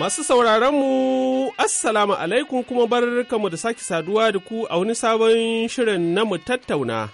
Masu mu Assalamu alaikum kuma bar kamu da sake saduwa da ku a wani sabon shirin na mu tattauna.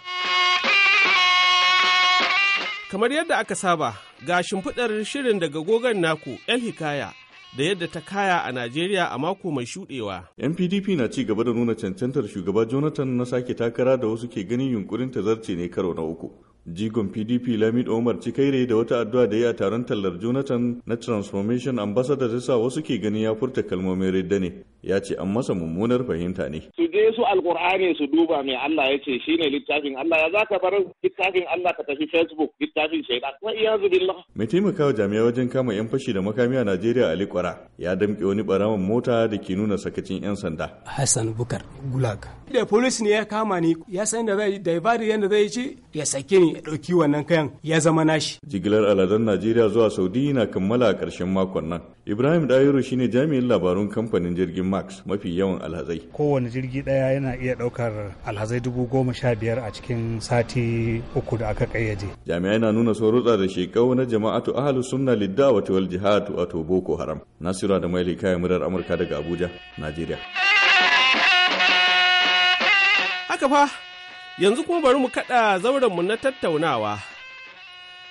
Kamar yadda aka saba, ga shimfiɗar shirin daga gogon naku, El Hikaya. da yadda ta kaya a Najeriya a mako mai shudewa. NPDP na ci gaba da nuna cancantar shugaba Jonathan na sake takara da wasu ke ganin yunkurin ta zarce ne karo na uku. jigon pdp lamid omar cikaire da wata addu'a da ya taron tallar jonathan na transformation ambassador ta sa wasu ke gani ya furta kalmomin redda ne ya ce an masa mummunar fahimta ne. Su je su alkur'ani su duba mai Allah ya ce shi ne littafin Allah ya za ka bar littafin Allah ka tafi Facebook littafin shaidan wa iyazu billah. Mai taimakawa jami'a wajen kama yan fashi da makami a Najeriya Ali Kwara ya damƙe wani barawan mota da ke nuna sakacin yan sanda. Hassan Bukar Gulag. Da polisi ne ya kama ni ya san da zai daibari yanda zai ci ya sake ni ya ɗauki wannan kayan ya zama nashi. Jigilar aladen Najeriya zuwa Saudi na kammala a ƙarshen makon nan. Ibrahim Dairo shine jami'in labarun kamfanin jirgin max mafi yawan alhazai kowane jirgi daya yana iya daukar alhazai dubu goma sha biyar a cikin sati uku da aka kayyade jami'ai na nuna rutsa da shekau na jama'atu ahalu sunna lidda wa jihad wato boko haram nasira da maili kai murar amurka daga abuja najeriya haka fa yanzu kuma bari mu kaɗa mu na tattaunawa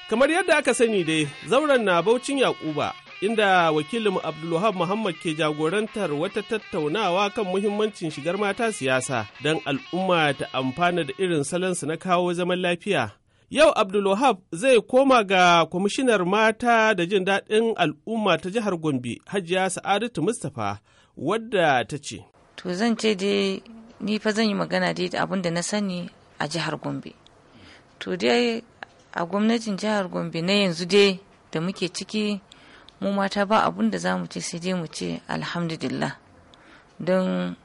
kamar yadda aka sani dai zauren na baucin yakuba inda wakilin Abdulwahab Muhammad ke jagorantar wata tattaunawa kan muhimmancin shigar mata siyasa don al'umma ta amfana da irin salansu na kawo zaman lafiya. Yau Abdulwahab zai koma ga kwamishinar mata da jin daɗin al'umma ta jihar Gombe, Hajiya Sa'adatu Mustapha, wadda ta ce. To zan ce dai ni fa zan yi magana dai da abin da na sani a jihar Gombe. To dai a gwamnatin jihar Gombe na yanzu dai da muke ciki mu mata ba abun da za mu ce sai dai mu ce alhamdulillah don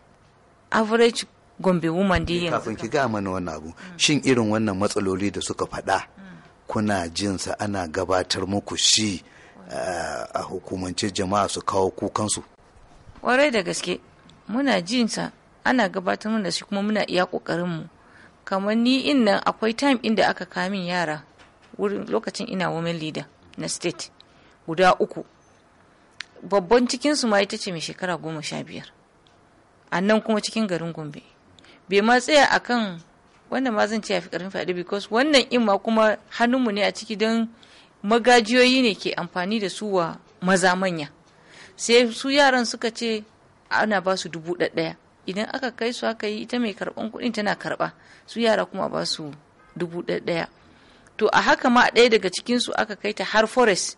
average gombe woman da yanzu kafin ki ga mana wannan abu shin irin wannan matsaloli da suka faɗa kuna jinsa ana gabatar muku shi eh, a hukumance jama'a su kawo kukansu kwarai da gaske muna jinsa ana gabatar mana shi kuma muna iya kokarin mu kamar ni in nan akwai time inda aka kamin yara wurin lokacin ina women leader na state guda uku babban cikinsu ma ita ce mai shekara goma sha biyar a nan kuma cikin garin gombe bai ma tsaya a kan wannan ma zan ce ya fi karfin fyaɗe because wannan in ma kuma hannunmu ne a ciki don magajiyoyi ne ke amfani da su wa maza manya sai su yaran suka ce ana ba su dubu ɗaya idan aka kai su aka yi ita mai karɓan kuɗin tana karɓa su yara kuma ba su dubu ɗaya to a haka ma ɗaya daga cikinsu aka kai ta har forest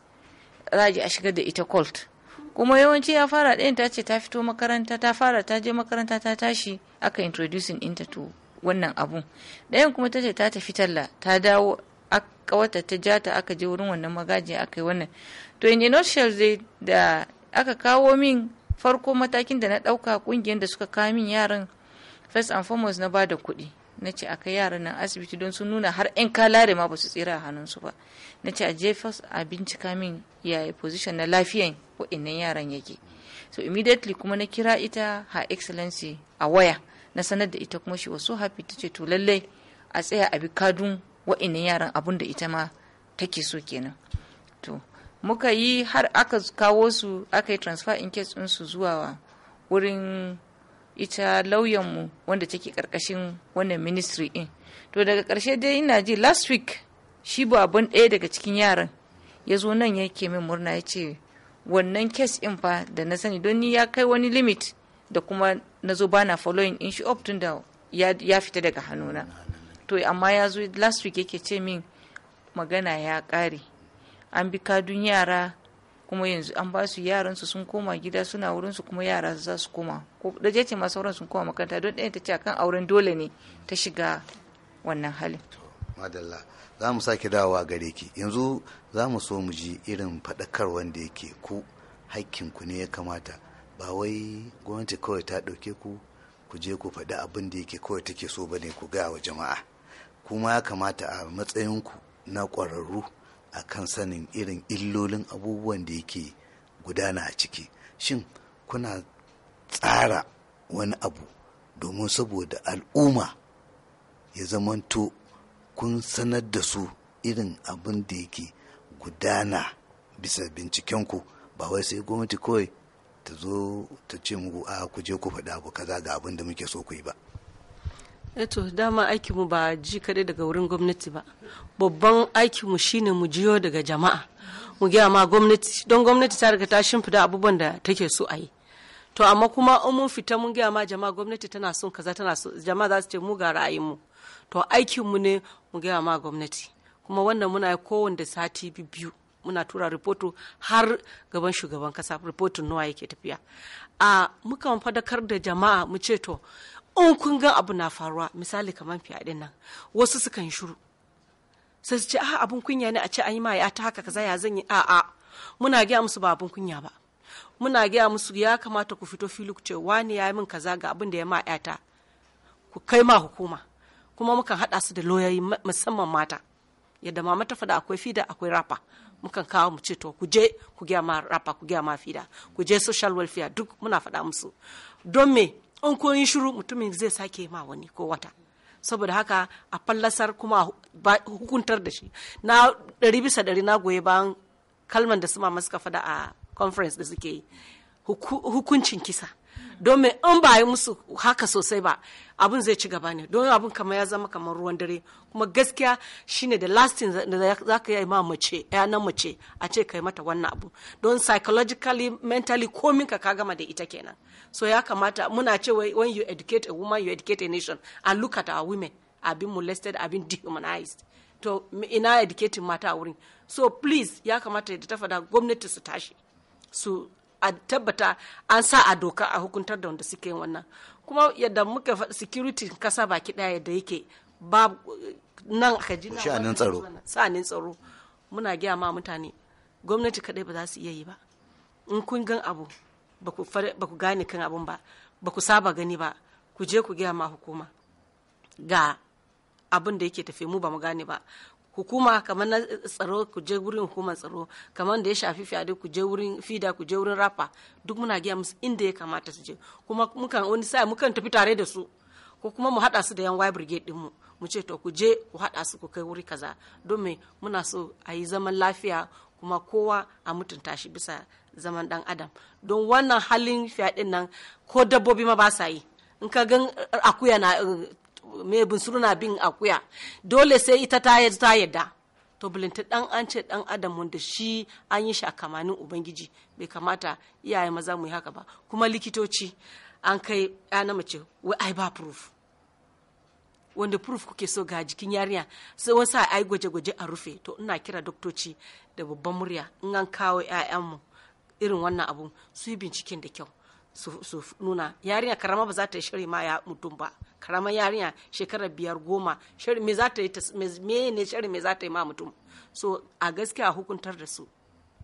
za a shigar da ita colt kuma yawanci ya fara ɗayan ta ce ta fito makaranta ta fara ta je makaranta ta tashi aka introducing ɗinta to wannan abun ɗayan kuma ta ce ta tafi talla ta dawo kawata ta ja ta aka je wurin wannan magaji aka yi wannan to in nutshell dai da aka kawo min farko matakin da na ɗauka ƙungiyar da suka kawo min yaran first and foremost na ba da kuɗi na ce a kai yaran nan asibiti don sun nuna har 'yan kalare ma ba su tsira a hannunsu ba na ce a jefas a bincika min yaya position na lafiyan waɗannan yaran yake so immediately kuma na kira ita her excellency a waya na sanar da ita kuma shi wasu happy ta ce to lallai a tsaya a bi kadun waɗannan yaran abun da ita ma take so kenan to muka yi har aka kawo su aka yi transfer in case su zuwa wurin ita lauyanmu wanda take karkashin wannan ministry in to daga karshe dai ina ji last week shi baban ɗaya daga cikin yaran ya zo nan yake min murna ya ce wannan case in fa da na sani don ni ya kai wani limit da kuma na zo bana following in shi up tun da ya fita daga hannuna to amma ya zo last week yake ce min magana ya ƙare an bi kadun yara kuma yanzu an ba su yaran su sun koma gida suna wurin su kuma yara za su koma ko da ce ma sauran sun koma makaranta don ɗaya ta ce akan auren dole ne ta shiga wannan halin madalla za mu sake dawowa gare ki yanzu za mu so mu ji irin faɗakar wanda yake ku ku ne ya kamata ba wai gwamnati kawai ta ɗauke ku ku je ku faɗi abin da yake kawai take so ba ne ku gaya wa jama'a kuma ya kamata a matsayinku na ƙwararru a kan sanin irin illolin abubuwan da yake gudana a ciki shin kuna tsara wani abu domin saboda al'umma ya zamanto kun sanar da su irin abin da yake gudana bisa bincikenku ba wai sai gwamnati kawai ta zo ta ce muku a ku je ku faɗa abu kaza ga abin da muke so ku yi ba eto eh dama aikinmu ba ji kadai daga wurin gwamnati ba babban aikinmu shine mu jiyo daga jama'a mu gaya ma gwamnati don gwamnati ta riga ta shimfida abubuwan da take so a yi to amma kuma in mun fita mun gaya ma jama'a gwamnati tana son kaza tana so jama'a za su ce mu ga ra'ayinmu to aikinmu ne mu gaya ma gwamnati kuma wannan muna kowanne sati biyu muna tura rahoto har gaban shugaban kasa rahoton nawa yake tafiya a muka fadakar da jama'a mu ce to in kun gan abu na faruwa misali kamar fyaɗe nan wasu sukan shuru sai su ce a abun kunya ne a ce an yi ma ya ta haka kaza ya zan yi a'a muna gaya musu ba abun kunya ba muna gaya musu ya kamata ku fito fili ku ce wani ya yi min kaza ga abin da ya ma ta ku kai ma hukuma kuma mukan haɗa su da loyoyi musamman mata yadda mama ta faɗa akwai fida akwai rafa mukan kawo mu ce to ku je ku gaya ma rafa ku gaya ma fida ku je social welfare duk muna faɗa musu don me an ko yi shiru mutumin zai sake ma wani ko wata saboda haka a fallasar kuma a hukuntar da shi na ɗari bisa ɗari na goyi bayan kalman da su ma suka fada a conference da suke yi hukuncin kisa domin in ba yi musu haka sosai ba abin zai ci gaba ne don abin kama ya zama kamar ruwan dare kuma gaskiya shine da lasting da za ka yi ma mace yanan mace a ce kai mata wannan abu don psychologically mentally komin ka ka gama da ita kenan so ya kamata muna ce when you educate a woman you educate a nation and look at our women abin molested abin dehumanized to ina educating mata a wurin so please ya kamata da ta fada gwamnati su tashi su a tabbata an sa a doka a hukuntar da wanda suke wannan kuma yadda muka faɗi security kasa baki ɗaya yadda yake ba nan aka ji sha'anin tsaro tsaro muna gaya ma mutane gwamnati kaɗai ba za su iya yi ba in kun gan abu ba ku gane kan abun ba ba ku saba gani ba ku je ku gaya ma hukuma ga abin da yake tafe mu ba mu gane ba hukuma kamar na tsaro ku je wurin hukumar tsaro kamar da ya shafi fiyade ku je wurin fida ku je wurin rafa duk muna gaya musu inda ya kamata su je kuma mukan wani sa mukan tafi tare da su ko kuma mu haɗa su da yan wai brigade din mu ce to ku je ku haɗa su ku kai wuri kaza domin muna so a yi zaman lafiya kuma kowa a mutunta shi bisa zaman dan adam don wannan halin fyaɗe nan ko dabbobi ma ba sa yi in ka gan akuya na eh, mai suruna bin akuya dole sai ita ta ta yadda to bulinta dan an ce dan adam wanda shi an yi shi a kamanin ubangiji bai kamata iyaye maza mu yi haka ba kuma likitoci an kai ya na mace wai ai ba proof wanda proof kuke so ga jikin yarinya sai wasu ai gwaje-gwaje a rufe to ina kira doktoci da babban murya in an kawo mu irin wannan abun su yi binciken da kyau su nuna yarinya karama ba za ta yi shiri ma ya mutum ba karamar yarinya shekara biyar goma me za ta yi ne shiri me za ta yi ma mutum so a gaskiya hukuntar da su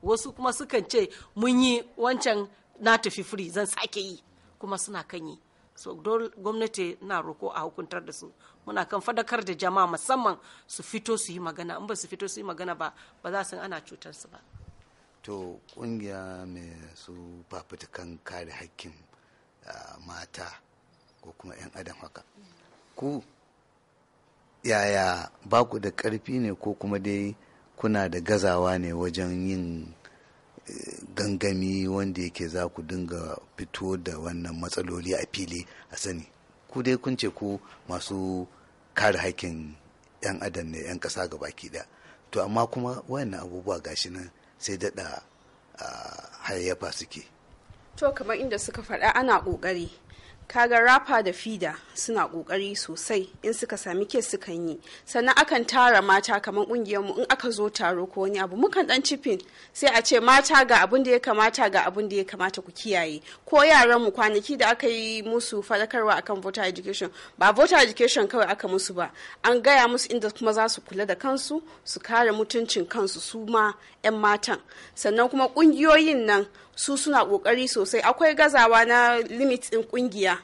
wasu kuma sukan ce mun yi wancan na tafi firi zan sake yi kuma suna kan yi so gwamnati na roko a hukuntar da su muna kan fadakar da jama'a musamman su fito su yi magana in ba su fito su yi magana ba ba za su ana cutar su ba to kungiya mai su fafutukan kare hakkin mata ko kuma 'yan adam haka ku yaya ba ku da ƙarfi ne ko kuma dai kuna da gazawa ne wajen yin e, gangami wanda yake za ku dinga fito da wannan matsaloli a fili a sani ku dai kun ce ku masu kare hakkin 'yan adam ne 'yan ƙasa ga baki ɗaya to amma kuma wayannan abubuwa gashi nan sai daɗa ah, hayayyafa suke to kamar inda suka faɗa ana ƙoƙari kaga rapper da fida suna kokari sosai in suka sami kes sukan yi sannan akan tara mata kamar kungiyar mu in aka zo taro ko wani abu mukan dan cifin sai a ce mata ga abin da ya kamata ga abin da ya kamata ku kiyaye ko yaran mu kwanaki da aka yi musu fadakarwa akan voter education ba voter education kawai aka musu ba an gaya musu inda kuma za su kula da kansu su kare mutuncin kansu su ma 'yan matan sannan kuma kungiyoyin nan su suna kokari sosai akwai gazawa na limit din kungiya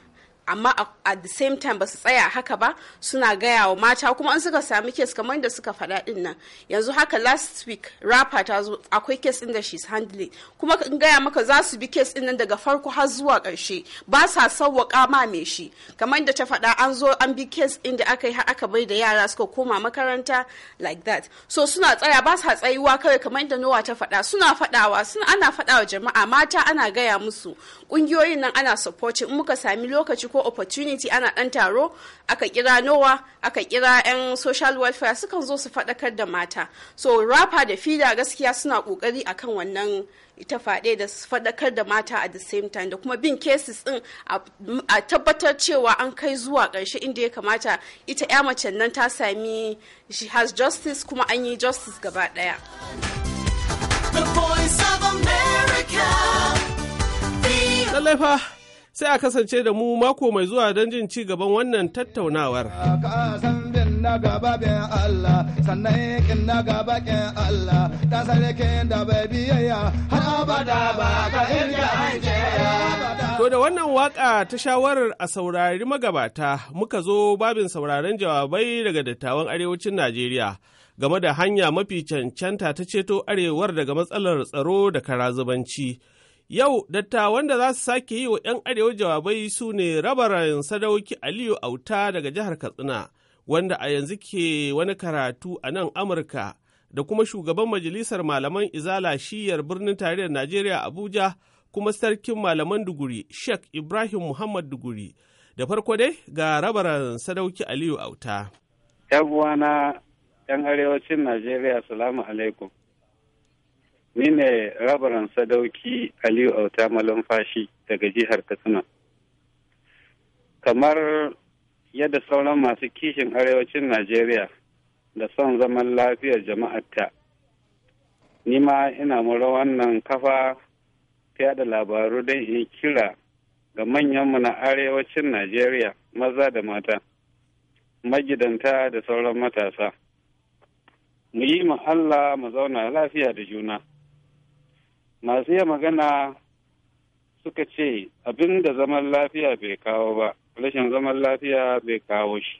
amma at the same time ba su tsaya haka ba suna gaya wa mata kuma an suka sami kes kamar da suka faɗa din nan yanzu haka last week rapper ta zo akwai kes ɗin da she's handling kuma in gaya maka za su bi kes din nan daga farko har zuwa ƙarshe ba sa sawwaka ma me shi kamar da ta faɗa an zo an bi kes din da aka yi har aka bai da yara suka koma makaranta like that so suna tsaya ba sa tsayuwa kawai kamar da nowa ta faɗa suna faɗawa suna ana faɗawa jama'a mata ana gaya musu ƙungiyoyin nan ana supporting in muka sami lokaci ko opportunity ana ɗan taro aka kira nowa aka kira 'yan social welfare sukan zo su faɗakar da mata so rapa da fida gaskiya suna ƙoƙari akan wannan ita faɗe da su faɗakar da mata at the same time da kuma bin cases ɗin a tabbatar cewa an kai zuwa ƙarshe inda ya kamata ita 'ya mace nan ta sami she has justice kuma an yi justice gaba ɗaya. Lallai fa sai a kasance da mu mako mai zuwa don jin ci gaban wannan tattaunawar. To da wannan waka ta shawarar a saurari magabata muka zo babin sauraron jawabai daga dattawan arewacin Najeriya game da hanya mafi cancanta ta ceto arewar daga matsalar tsaro da karazubanci. Yau dattawan da za su sake yi wa 'yan arewa jawabai su ne sadauki Aliyu Auta daga jihar Katsina, wanda a yanzu ke wani karatu a nan Amurka, da kuma shugaban majalisar malaman izala shiyar birnin tarayyar Najeriya Abuja, kuma sarkin malaman Duguri, Sheikh Ibrahim Muhammad Duguri. Da farko dai ga rabaran sadauki Aliyu Auta. Yabuwa na ‘yan arewacin Najeriya, salamu alaikum. Ni ne rabaran sadauki Aliyu Auta Malumfashi daga jihar Katsina. Kamar yadda sauran masu kishin arewacin Najeriya da son zaman lafiyar jama'arta, ni ma ina mura wannan kafa ta yada labaru don in kira ga manyanmu na arewacin Najeriya maza da mata, magidanta da sauran matasa. Mu yi Allah mu zauna lafiya da juna. masu iya magana suka ce abin da zaman lafiya bai kawo ba rashin zaman lafiya bai kawo shi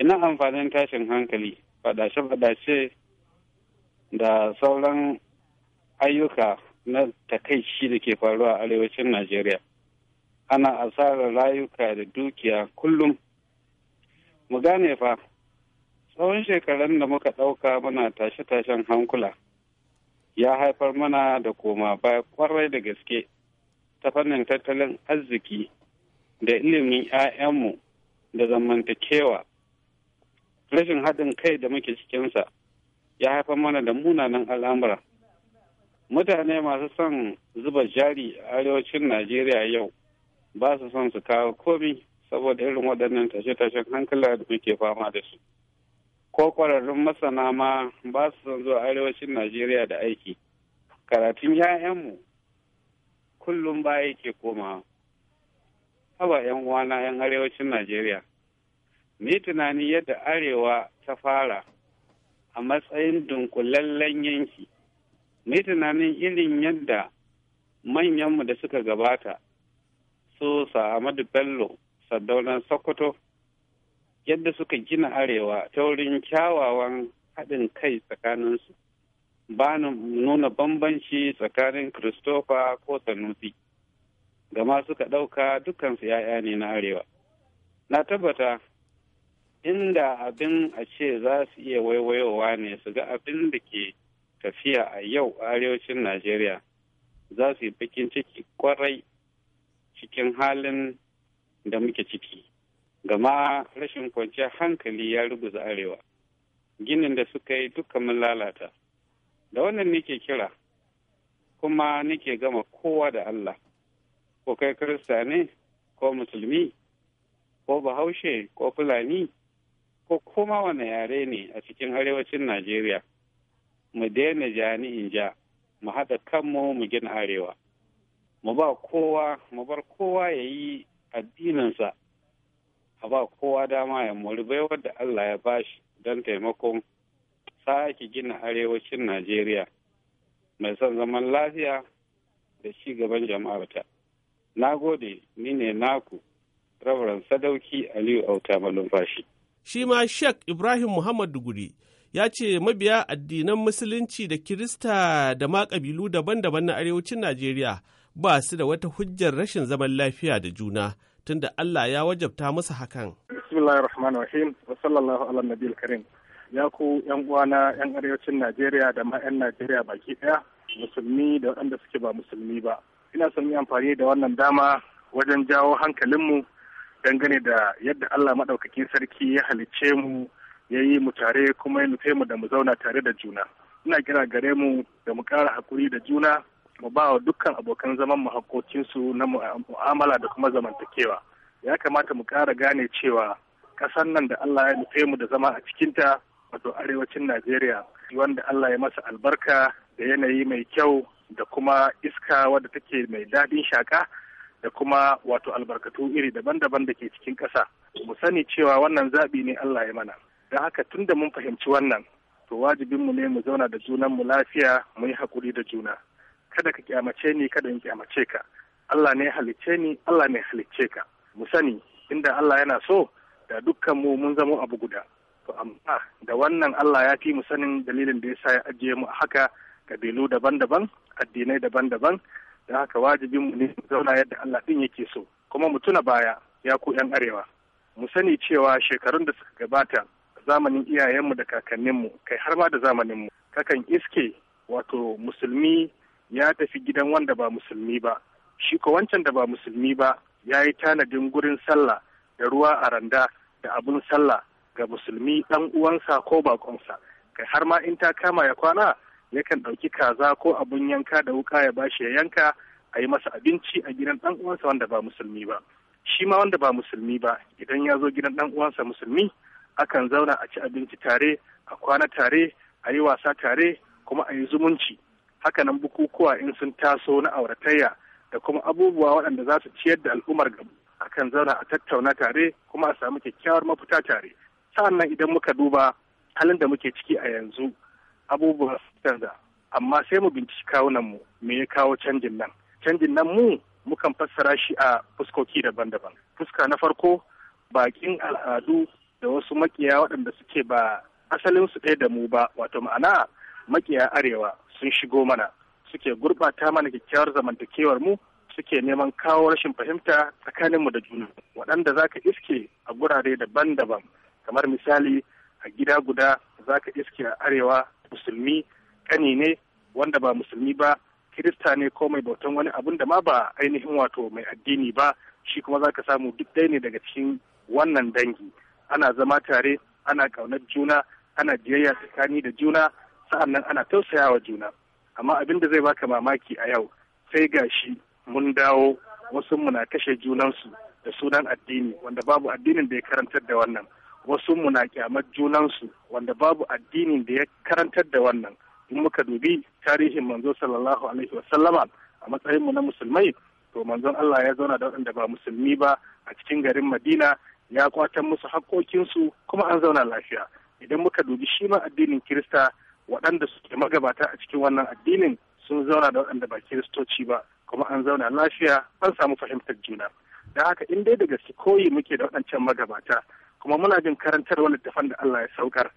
ina amfanin tashin hankali faɗace-faɗace da sauran ayyuka na takaici da ke faruwa a arewacin najeriya ana asarar rayuka da dukiya kullum mu gane fa tsawon shekarun da muka ɗauka muna tashe-tashen hankula ya haifar mana da koma baya kwarai da gaske ta fannin tattalin arziki da ilimin 'ya'yanmu da zamantakewa rashin haɗin kai da muke cikinsa ya haifar mana da munanan al'amura mutane masu son zuba jari a arewacin najeriya yau ba su son su kawo komi saboda irin waɗannan tashe-tashen hankala da muke fama da su. ko kwararrun masana ma ba su son zuwa arewacin najeriya da aiki karatun 'ya'yanmu kullum baya ke komawa haba 'yan uwana 'yan arewacin najeriya ni tunani yadda arewa ta fara a matsayin dunkulallen yanki ni tunanin irin yadda manyanmu da suka gabata su sa'amadu bello sadaunan sokoto yadda suka gina arewa ta wurin kyawawan haɗin kai tsakaninsu ba nuna bambanci tsakanin Christopher ko Sanusi, gama suka ɗauka dukansu ‘ya'ya ne na Arewa. Na tabbata inda abin a ce za su iya waiwayowa ne su ga abin da ke tafiya a yau arewacin Najeriya za su yi bakin ciki kwarai cikin halin da muke ciki. gama rashin kwanciyar hankali ya ruguza arewa ginin da suka yi dukkan mun lalata da wannan nake kira kuma nake gama kowa da Allah ko kai kirista ne ko musulmi ko bahaushe ko fulani ko kuma wane yare ne a cikin arewacin Najeriya mu daina jani in ja mu haɗa kanmu mu gina arewa mu ba kowa mu bar kowa ya yi addininsa a ba kowa dama ya mori bai da Allah ya bashi don taimakon sake gina arewacin Najeriya mai son zaman lafiya da ci gaban jama'arta. Na gode, ni ne naku, Reverend Sadauki Aliyu Auta Malumfashi. Shi ma Sheikh Ibrahim Muhammad Duguri ya ce mabiya addinan Musulunci da Kirista da ma ƙabilu daban-daban na arewacin Najeriya ba su da wata hujjar rashin zaman lafiya da juna. tunda Allah ya wajabta musu hakan. Bismillahir Rahim wa sallallahu ala nabiyil karim. Ya ku yan uwana yan arewacin Najeriya da ma yan Najeriya baki daya musulmi da waɗanda suke ba musulmi ba. Ina son yi amfani da wannan dama wajen jawo hankalinmu dangane da yadda Allah maɗaukakin sarki ya halicce mu ya yi mu tare kuma ya nufe mu da mu zauna tare da juna. Ina kira gare mu da mu ƙara hakuri da juna mu ba wa dukkan abokan zaman mu na mu'amala da kuma zamantakewa ya kamata mu ƙara gane cewa ƙasar nan da Allah ya nufe mu da zama a cikinta wato arewacin Najeriya wanda Allah ya masa albarka da yanayi mai kyau da kuma iska wadda take mai daɗin shaƙa da kuma wato albarkatu iri daban-daban da ke cikin ƙasa mu sani cewa wannan zaɓi ne Allah ya mana don haka tun da mun fahimci wannan to wajibinmu ne mu zauna da junanmu lafiya mu yi haƙuri da juna kada ka kyamace ni kada in kyamace ka Allah ne halicce ni Allah ne halicce ka mu sani inda Allah yana so da dukkan mu mun zama abu guda to amma da wannan Allah ya fi mu sanin dalilin da yasa ya ajiye mu haka kabilu daban-daban addinai daban-daban da haka wajibin mu ne zauna yadda Allah din yake so kuma mu tuna baya ya ku yan arewa mu sani cewa shekarun da suka gabata zamanin iyayenmu da kakanninmu kai har ma da zamaninmu kakan iske wato musulmi ya tafi gidan wanda ba musulmi ba shi ko wancan da ba musulmi ba ya yi tanadin gurin sallah da ruwa a randa da abun sallah ga musulmi ɗan uwansa ko bakonsa kai har ma in ta kama ya kwana yakan ɗauki kaza ko abun yanka da wuka ya bashi ya yanka a yi masa abinci a gidan ɗan uwansa wanda ba musulmi ba shi ma wanda ba musulmi ba idan ya zo gidan ɗan uwansa musulmi akan zauna a ci abinci tare a kwana tare a yi wasa tare kuma a yi zumunci hakanan bukukuwa in sun taso na auratayya da kuma abubuwa waɗanda za su ciyar da al'ummar gabu akan zauna a tattauna tare kuma a samu kyakkyawar mafita tare sa'annan idan muka duba halin da muke ciki a yanzu abubuwa su canza amma sai mu binciki kawunan mu, me ya kawo canjin nan canjin nan mu mukan fassara shi a fuskoki daban-daban fuska na farko bakin al'adu da wasu makiya waɗanda suke ba asalin su ɗaya da mu ba wato ma'ana makiya arewa sun shigo mana suke gurbata mana kyakkyawar zamantakewar mu suke neman kawo rashin fahimta tsakanin mu da juna waɗanda za ka iske a gurare daban-daban kamar misali a gida guda za ka iske a arewa musulmi kani ne wanda ba musulmi ba kirista ne ko mai bautan wani abun da ma ba ainihin wato mai addini ba shi kuma za ka samu duk ɗaya ne daga cikin wannan dangi ana zama tare ana ƙaunar juna ana jiyayya tsakani da juna sa'an nan ana tausayawa juna amma abin da zai baka mamaki a yau sai gashi mun dawo wasu muna kashe junansu da sunan addini wanda babu addinin da ya karantar da wannan wasu muna kyamar junansu wanda babu addinin da ya karantar da wannan in muka dubi tarihin manzo sallallahu alaihi wasallama a matsayin mu na musulmai to manzon Allah ya zauna da wanda ba musulmi ba a cikin garin Madina ya kwatan musu haƙƙoƙinsu kuma an zauna lafiya idan muka dubi shi ma addinin Kirista waɗanda suke magabata a cikin wannan addinin sun zauna da waɗanda ba kiristoci ba kuma an zauna lafiya an samu fahimtar juna da haka in dai da gaske koyi muke da waɗancan magabata kuma muna jin karantarwar littafan da Allah ya saukar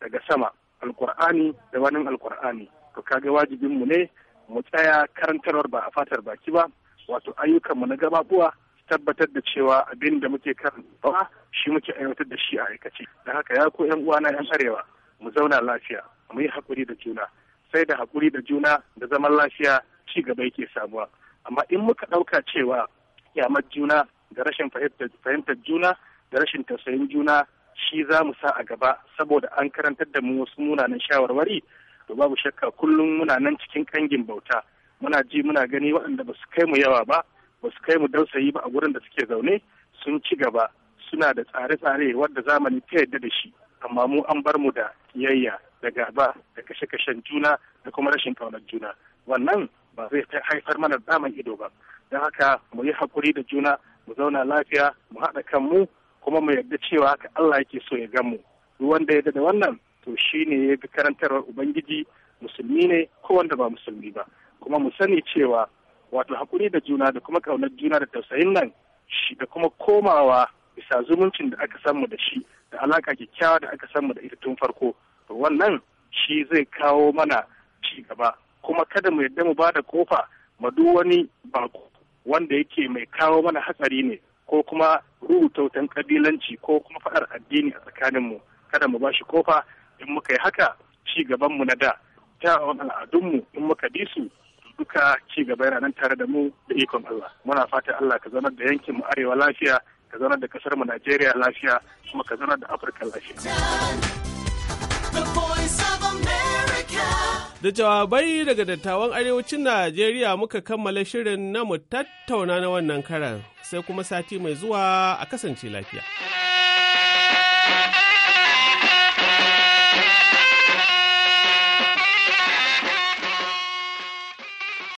daga sama alkur'ani da wani alkur'ani to kaga mu ne mu tsaya karantarwar ba a fatar baki ba wato ayyukanmu na gababuwa tabbatar da cewa abin da muke karantawa shi muke aiwatar da shi a aikace da haka ya ko yan uwana yan arewa mu zauna lafiya mu yi haƙuri da juna sai da haƙuri da juna da zaman lafiya ci gaba yake samuwa amma in muka ɗauka cewa kyamar juna da rashin fahimtar juna da rashin tausayin juna shi za mu sa a gaba saboda an karantar da mu wasu munanan shawarwari to babu shakka kullum muna nan cikin kangin bauta muna ji muna gani waɗanda ba su kai mu yawa ba ba su kai mu dausayi ba a gurin da suke zaune sun ci gaba suna da tsare-tsare wadda zamani ta yadda da shi amma mu an bar mu da kiyayya da gaba da kashe-kashen juna da kuma rashin kaunar juna wannan ba zai haifar mana daman ido ba don haka mu yi haƙuri da juna mu zauna lafiya mu haɗa kanmu kuma mu yarda cewa haka Allah yake so ya gan mu. duk wanda ya da wannan to shi ne ya bi karantarwar ubangiji musulmi ne ko wanda ba musulmi ba kuma mu sani cewa wato haƙuri da juna da kuma ƙaunar juna da tausayin nan shi da kuma komawa bisa zumuncin da aka samu da shi da alaka kyakkyawa da aka san mu da ita tun farko to wannan shi zai kawo mana ci gaba kuma kada mu yadda mu ba da kofa ma duk wani bako wanda yake mai kawo mana hatsari ne ko kuma rubutautan kabilanci ko kuma faɗar addini a tsakaninmu kada mu ba shi kofa in muka yi haka ci gabanmu na da kyawun al'adunmu in muka bi su duka ci gaba yana nan tare da mu da ikon Allah muna fata Allah ka zama da yankin mu arewa lafiya ka zama da kasar mu Najeriya lafiya kuma ka zama da Afirka lafiya Da jawabai daga dattawan arewacin Najeriya muka kammala shirin na mu tattauna na wannan karan sai kuma sati mai zuwa a kasance lafiya.